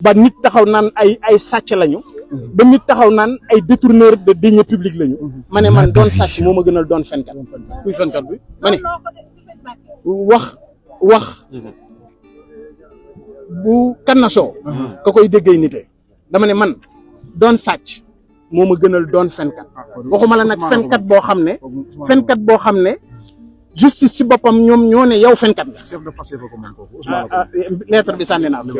ba nit taxaw naan ay ay sàcc lañu. ba nit taxaw naan ay détourneur de deniers publics lañu. ma ne man doon sàcc moo ma gënal doon fenkat. kuy bi ma ne. wax bu kannasoo. ka koy déggee nite. dama ne man doon sàcc moo ma gënal doon fenkat. Ah, waxuma la nag fenkat boo xam ne. fenkat boo xam ne. justice ci boppam ñoom ñoo ne yow fenkat nga. chef de ah, ah, eh, bi sànni naa ko.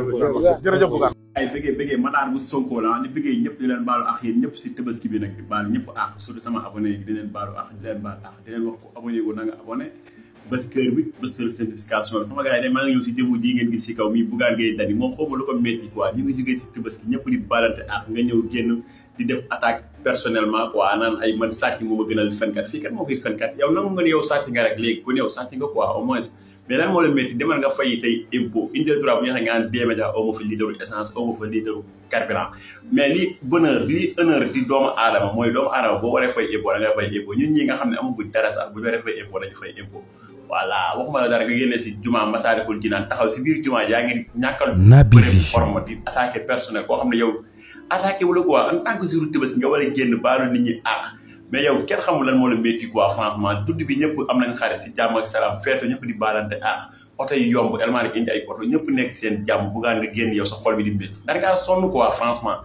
jërëjëf ay bëggee bëggee Matar bu Sonko la ni bëggee ñëpp di leen baalu ak yéen ñëpp si tabaski bi nag di baalu ñëpp ak surtout sama abonné yi di leen baalu ak di leen baalu ak di wax ko abonné wu na nga abonné bi bés kër sama gars yi maa ngi ñëw si démo ji ngeen gis si kaw mi Bougane Gueye Dany moo xawma lu ko métti quoi ñu ngi jógee si tabaski ñëpp di baalante ak nga ñëw génn di def attaque personnellement quoi naan ay man sàcc moo a gënal fenkat fii kat moo koy fenkat yow nangu nga ne yow sàcc nga rek léegi ku ne yow nga quoi au moins mais lan moo la métti demal nga fay tey impôt une deux trois bu ñu waxee nga mooy doomu aadama boo ñi nga xam ne amaguñ dara sax bu ñu waree fay impôt dañu fay impôt voilà waxuma si jumaa biir jumaa yaa ngi ñàkkal bëri forme di attaqué personnel koo xam ne yow attaqué wu la tant que jour Tabaski nga war a génn baalu nit ñi àq mais yow kenn xamul lan moo la métti quoi franchement tudd bi ñëpp am nañ xarit si jàmm ak salaam feetu ñëpp di baalante àq oto yomb elment rek indi ñëpp nekk seen jàmm bugaan nga génn yow sa xol bi di métti da ngaa sonn quoi franchement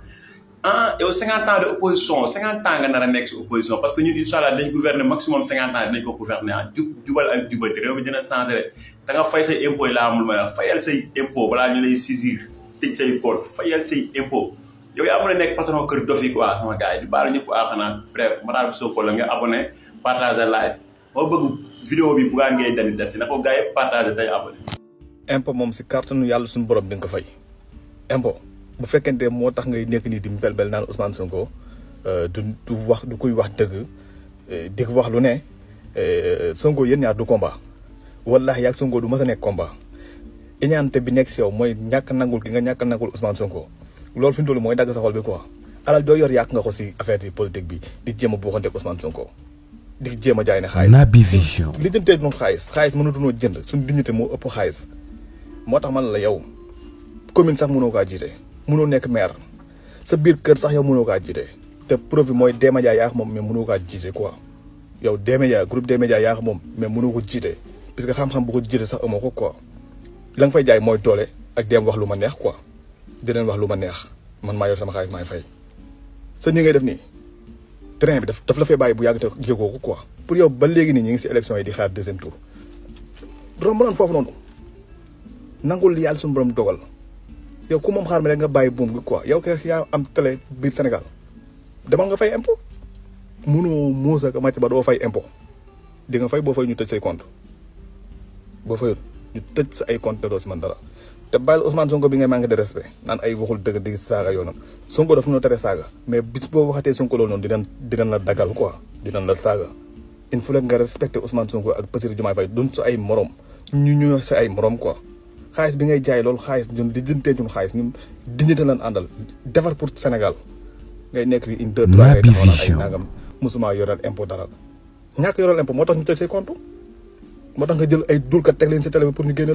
ah de opposition 50 nga nar a nekk si opposition parce que ñun incha allah dañ gouverner maximum 50 ans dinañ ko ah. jub yow ya mën nek patron keur dof quoi ah, sama gars di di ñep ñëpp bref xanaa bref so ko la nga abonné partager like moo bëgg vidéo bi bu ngaa ngay dañu def ci nako ko gars yëpp partager tey abonné impo ci si cartonu yalla suñu borom bi nga fay impo bu fekkante mo tax ngay nek ni di bel naan Ousmane Sonko euh du wax du koy wax dëgg di wax lu ne Sonko yeen ñaar du combat wallahi yak Sonko du ma sa nek combat iñaante bi nek ci yow moy ñak nangul gi nga ñak nangul Ousmane Sonko loolu fi mu toll mooy dagg sa xol bi quoi alal doo yor yàq nga ko si affaire yi politique bi di jéem a buuxante ak Ousmane Sonko di jéem a jaay ne xaalis. Naby Vision. li jëndee noonu xaalis xaalis mënatuñoo jënd suñu dignité moo ëpp xaalis moo tax man la yow commune sax mënoo kaa jiite mënoo nekk maire sa biir kër sax yow mënoo kaa jiite te preuve mooy Démé Ndiaye yaa moom mais mënoo kaa jiite quoi yow Démé Ndiaye groupe Démé Ndiaye yaa moom mais mënoo ko jiite parce que xam-xam bu ko jiite sax amoo ko quoi la nga fay jaay mooy doole ak dem wax lu ma neex quoi. dinañ wax lu ma neex man maa yor sama xaalis maay fay sa ni ngay def nii train bi daf daf la fay bàyyi bu yàgg te yëgoo ko quoi. pour yow ba léegi nii ñu ngi si élection yi di xaar deuxième tour romb noonu foofu noonu nangul yàlla suñu borom dogal yow ku moom xaar mi rek nga bàyyi buum bi quoi yow rek yaa am télé biir Sénégal dama nga fay impôt mënoo muusa ka màcc ba doo fay impôt di nga fay boo fay ñu tëj say compte boo fayul ñu tëj sa ay compte te doo si man dara te bàyyil Ousmane Sonko bi ngay manqué de respect naan ay waxul dëgg di saaga yoonam Sonko dafa ñu tere saaga mais bis boo waxatee Sonko loolu noonu dinañ la dagal quoi dinañ la saaga il faut nga respecté Ousmane Sonko ak Bassirou Diomaye Faye duñ sa ay morom ñu ñu sa ay morom quoi xaalis bi ngay jaay loolu xaalis ñun di jëntee ñun xaalis ñun dignité lan àndal defar pour Sénégal ngay nekk une deux trois ay nangam musuma yoral impôt dara ñàkk yoral impôt moo tax ñu tëj say compte moo tax nga jël ay dulkat teg leen si télé bi pour ñu génne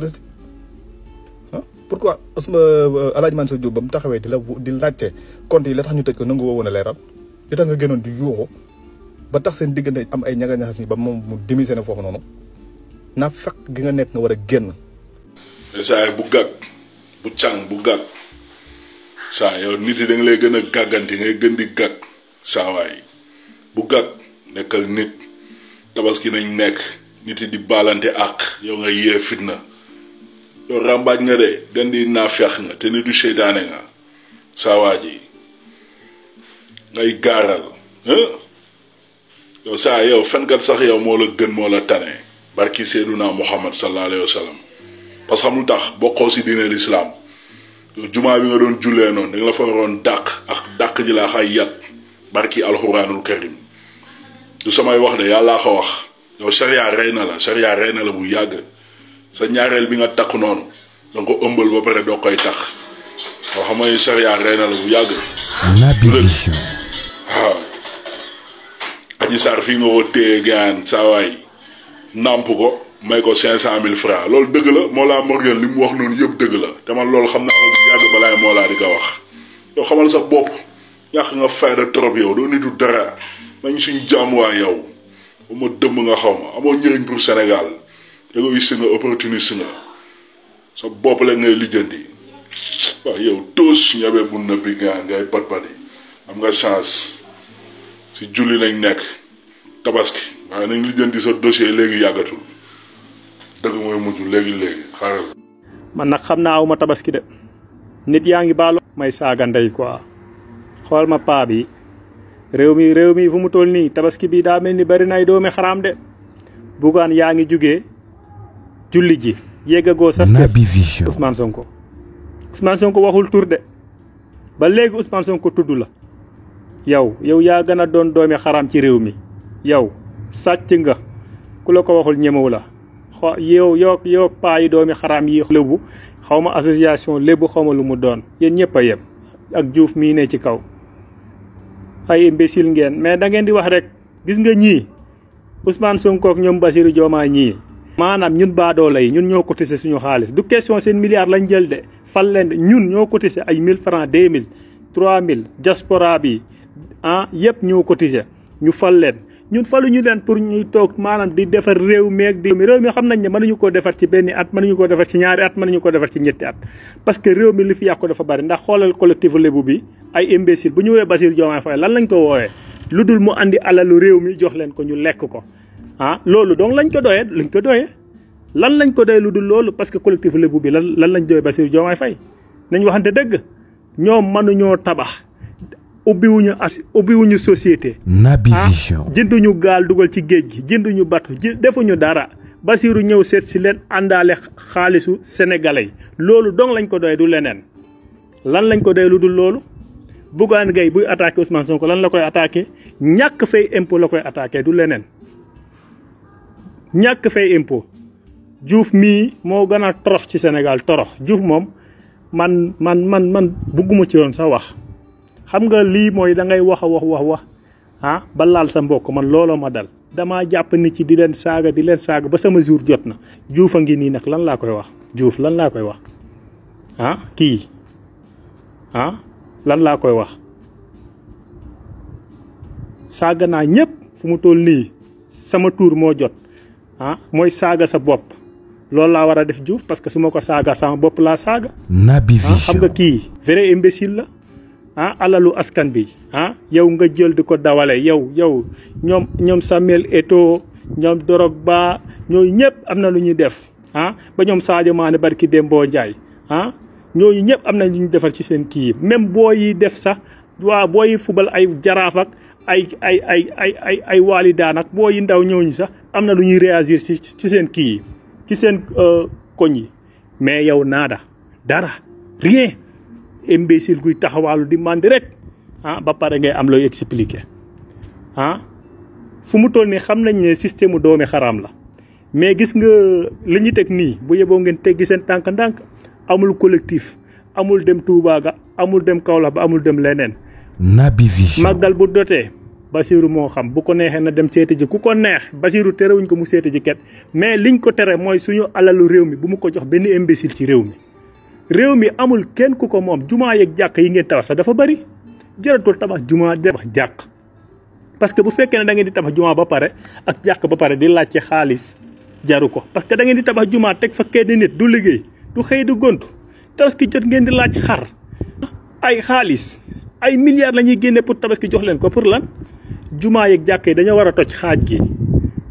pourquoi alaaj man sa Diop ba mu taxawee di la di laajte compte yi la tax ñu tëj ko nangu woo woon a leeral li tax nga génnoon di yuuxu ba tax seen diggante am ay ñaga ñaxas ni ba moom mu démissionné foofu noonu naa fekk gi nga nekk nga war a génn. saa bu gàgg bu càng bu gàgg saa yow nit yi da nga lay gën a ngay gën di gàgg saawaay bu gàgg nekkal nit tabaski nañ nekk nit yi di baalante àq yow nga yee fitna. yow ràmbaaj nga de gandi naa feex nga te ni du seytaane nga saa waa ji ngay gaaral yow saa yow fenkat sax yow moo la gën moo la tane barki seyduna muhammad sallallahu alayhi wa sallam parce que xam tax bokkoo si diine lislaam yow jumaa bi nga doon jullee noon danga la fa waroon dàq ak dàq ji laa xay yat barki alxuraanul karim du samay wax de yàllaa ko wax yow sariya rey na la sariya rey na la bu yàgg sa ñaarel bi nga takk noonu da nga ko ëmbal ba pare doo koy tax waaw xam nga sariya rey na la bu yàgg aji sar fi nga ko téye gaan saa waay nàmp ko may ko cinq cent mille francs loolu dëgg la Mola Morgan li mu wax noonu yëpp dëgg la dama man loolu xam naa ko bu yàgg balaay di ko wax yow xamal sa bopp yàq nga fayda trop yow doo nitu dara mañ suñ jàmm yow ba ma dëmm nga xaw ma amoo njëriñ pour Sénégal égoïste nga opportuniste nga sa bopp la ngay lijjanti waaw yow tos ñabe bu nëbbi nga ngay bat bati am nga chance si julli lañ nekk tabaski waaye nañ lijjanti sa dossier léegi yàggatul dëgg mooy mujj léegi léegi xaaral. nag xam naa aw ma tabaski de nit yaa ngi baalo may saaga ndey quoi xool ma paa bi réew mi réew mi fu mu toll nii tabaski bi daa mel ni bari nay doomi xaraam de bugaan yaa ngi jóge julli ji yeggagoo sa Naby Vision Ousmane Sonko Ousmane waxul tur ba léegi tudd la yow yow yaa gën a doon doomi xaraam ci réew mi yow sàcc nga ku la ko waxul ñemewu yow yow yow paa doomi xaraam yi lébu xaw ma association lébu xaw ma lu mu doon yéen ñëpp a yem ak Diouf mii ne ci kaw ay imbécile ngeen mais da ngeen di wax rek gis nga ñii Ousmane Sonko ak ñoom Basirou Diomaye ñii maanaam ñun baadoole yi ñun ñoo cotisé suñu xaalis du question seen milliards lañ jël de fal leen ñun ñoo cotisé ay 1000 francs 2000 3000 diaspora bi ah yëpp ñoo cotisé ñu fal leen. ñun faluñu leen pour ñu toog maanaam di defar réew meeg di. réew mi xam nañ ne mënuñu ko defar ci benn at mënuñu ko defar ci ñaari at mënuñu ko defar ci ñetti at. parce que réew mi li fi yàqu dafa bari ndax xoolal collectif lébu bi ay imbécile bu ñu we Bassirou Diomaye Faye lañ ko woowee lu mu andi alalu réew mi jox leen ko ñu lekk ko. ah loolu donc lañ ko doyee lañ ko doyee lan lañ ko doyee lu dul loolu parce que collectif Lébu bi lan lan lañ doyee Bassirou Diomaye Faye nañ waxante dëgg ñoom mënuñoo tabax ubbiwuñu as ubbiwuñu société. Ah, jënduñu gaal dugal ci géej gi jënduñu bato ji defuñu dara. Bassirou ñëw seet si leen àndaale xaalisu sénégalais loolu dong lañ ko doy du leneen lan lañ ko doy lu dul loolu Bougane Gueye buy attaqué Ousmane Sonko lan la koy attaqué ñàkk fay impôt la koy attaqué du leneen. ñak fay impôt juuf mi mo gëna torox ci sénégal torox juuf mom man man man man bugguma ci yoon sa wax xam nga li moy da ngay wax wax wax wax ah ba laal sa mbokk man looloo ma dal dama japp ni ci di len saga di len saga ba sama jour jotna juuf ngi lan la koy wax juuf lan la koy wax ah ki, ah lan la koy wax saga na ñepp fu mu toll sama tour mo jot ah mooy saaga sa bopp loolu laa war a def Diouf parce que su ma ko saaga sama bopp laa saaga. Naby ah, Vision xam nga kii vrai imbécile la ah alalu askan bi ah yow nga jël di ko dawale yow yow ñoom ñoom Samuel Eto'o ñoom doroog Drogba ñooñu ñëpp am na lu ñuy def ah ba ñoom Sadio Mané barki Dembo Ndiaye ah ñooñu ñëpp am na lu ñu defal ci seen kii yi même boo yi def sax waa boo yi fubal ay jaraaf ak ay ay ay ay ay ay waali daan ak boo yi ndaw ñooñu sax. am na lu ñuy réagir ci ci seen kii yi ci seen euh, koñ yi mais yow naada dara rien imbécile guy taxawaalu di mandi rek ah ba pare ngay am looy expliquer ah fu mu toll nii xam nañ ne système mu doomi xaraam la mais gis nga li ñu teg nii bu yeboo ngeen teggi seen tànk ndànk amul collectif amul dem tuubaaga amul dem Kaolack ba amul dem leneen. Naby Vision màggal bu dotee. Basiru moo xam bu ko neexee na dem seeti ji ku ko neex Basiru terewuñ ko mu seeti ji ket mais liñ ko tere mooy suñu alalu réew mi bu mu ko jox benn imbécile ci réew mi. réew mi amul kenn ku ko moom jumaa yeeg jàq yi ngeen tabax sax dafa bëri jaratul tabax jumaa tabax jàq parce que bu fekkee ne da ngeen di tabax jumaa ba pare ak jàq ba pare di laaj laajte xaalis jaru ko parce que da ngeen di tabax jumaa teg fa kenn nit du liggéey du xëy du gontu tabaski jot ngeen di laaj xar ay xaalis ay milliards la ñuy génne pour tabaski jox leen ko pour lan juma yek jàkk dañu wara toj xaj gi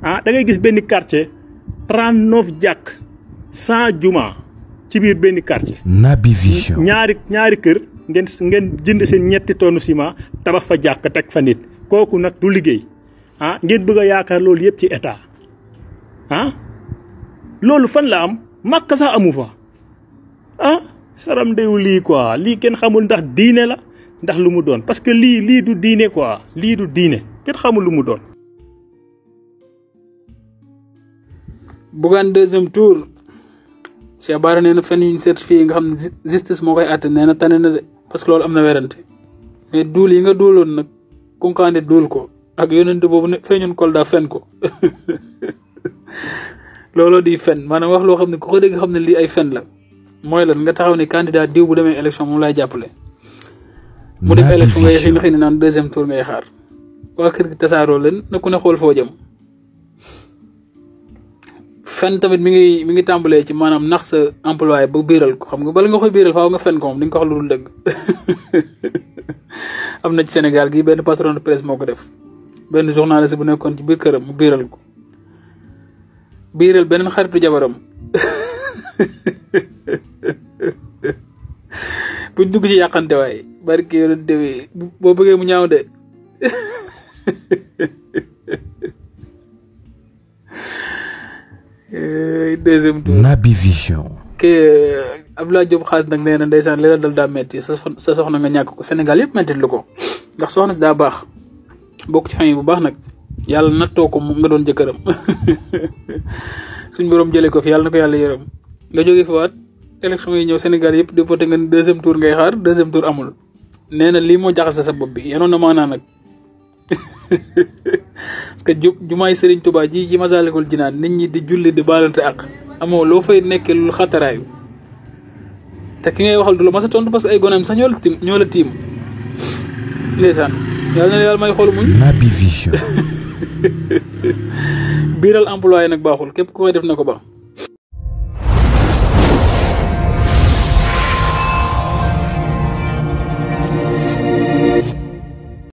ah da ngay gis benn quartier 39 jak 100 juma ci bir benn quartier. nabi Vision ñaari ñaari keur ngeen ngeen jënd seen ñetti tonu ciment tabax fa jak tek fa nit koku nak du liggey ah ngeen bëgg yaakar lool yépp ci état ah lool fan la am makka sa amu fa ah saram ndeyu li quoi li ken xamul ndax diine la ndax lu mu doon parce que li li du diine quoi li du diine kenn xamul lu mu doon. Bougane deuxième tour Cheikh Bara nee na fenn yuñ certifié nga xam ne justice moo koy àtte nee na tane na de parce que loolu am na werante mais duul yi nga duuloon nag kunkaande duul ko ak yonent boobu ne feeñoon Kolda fen ko looloo di fen maanaam wax loo xam ne ku ko dégg xam ne lii ay fen la mooy lan nga taxaw ne candidat diw bu demee élection moom lay jàppale. mu def élection nga xëy na xëy na naan deuxième tour ngay xaar. waa kër gi tasaaroo leen na ne xool foo jëm tamit mi ngi mi ngi tàmbalee ci maanaam nax sa employé bu biiral ko xam nga bala nga koy biiral faaw nga fen ko moom di nga ko wax lu dul dëgg am na ci Sénégal gi benn patron de ko def benn journaliste bu nekkoon ci biir këram mu biiral beneen xaritu jabaram buñ dugg ci yàqante waaye barki yonente bi boo bëggee mu ñaaw de Eh, deuxième tour Naby Vision. que eh, Abdoulaye Diop xaas nag nee na ndeysaan li la dal daa métti sa sa soxna nga ñàkk ko Sénégal yëpp métti lu ko ndax soxna si daa baax bokk ci famille bu baax nag yàlla nag nattoo ko mu nga doon jëkkëram suñ borom jëlee ko fi yàlla na ko yàlla yërëm nga jógee fa waat élection yi ñëw Sénégal yëpp di voté nga deuxième tour ngay xaar deuxième tour amul nee na lii moo jaxase sa bopp bi yenoon na maanaa nag. parce que ju jumaay Serigne Touba ji ci Masaalikul Jinaan nit ñi di julli di baalante ak amoo loo fay nekkee lu xataraayu te ki ngay waxal du la mas a tontu parce que ay goneem sax ñoo la tiim ñoo la tiim ndeysaan yàlla na yàlla may xool muñ Naby Vision biiral nag baaxul képp ku koy def na ko ba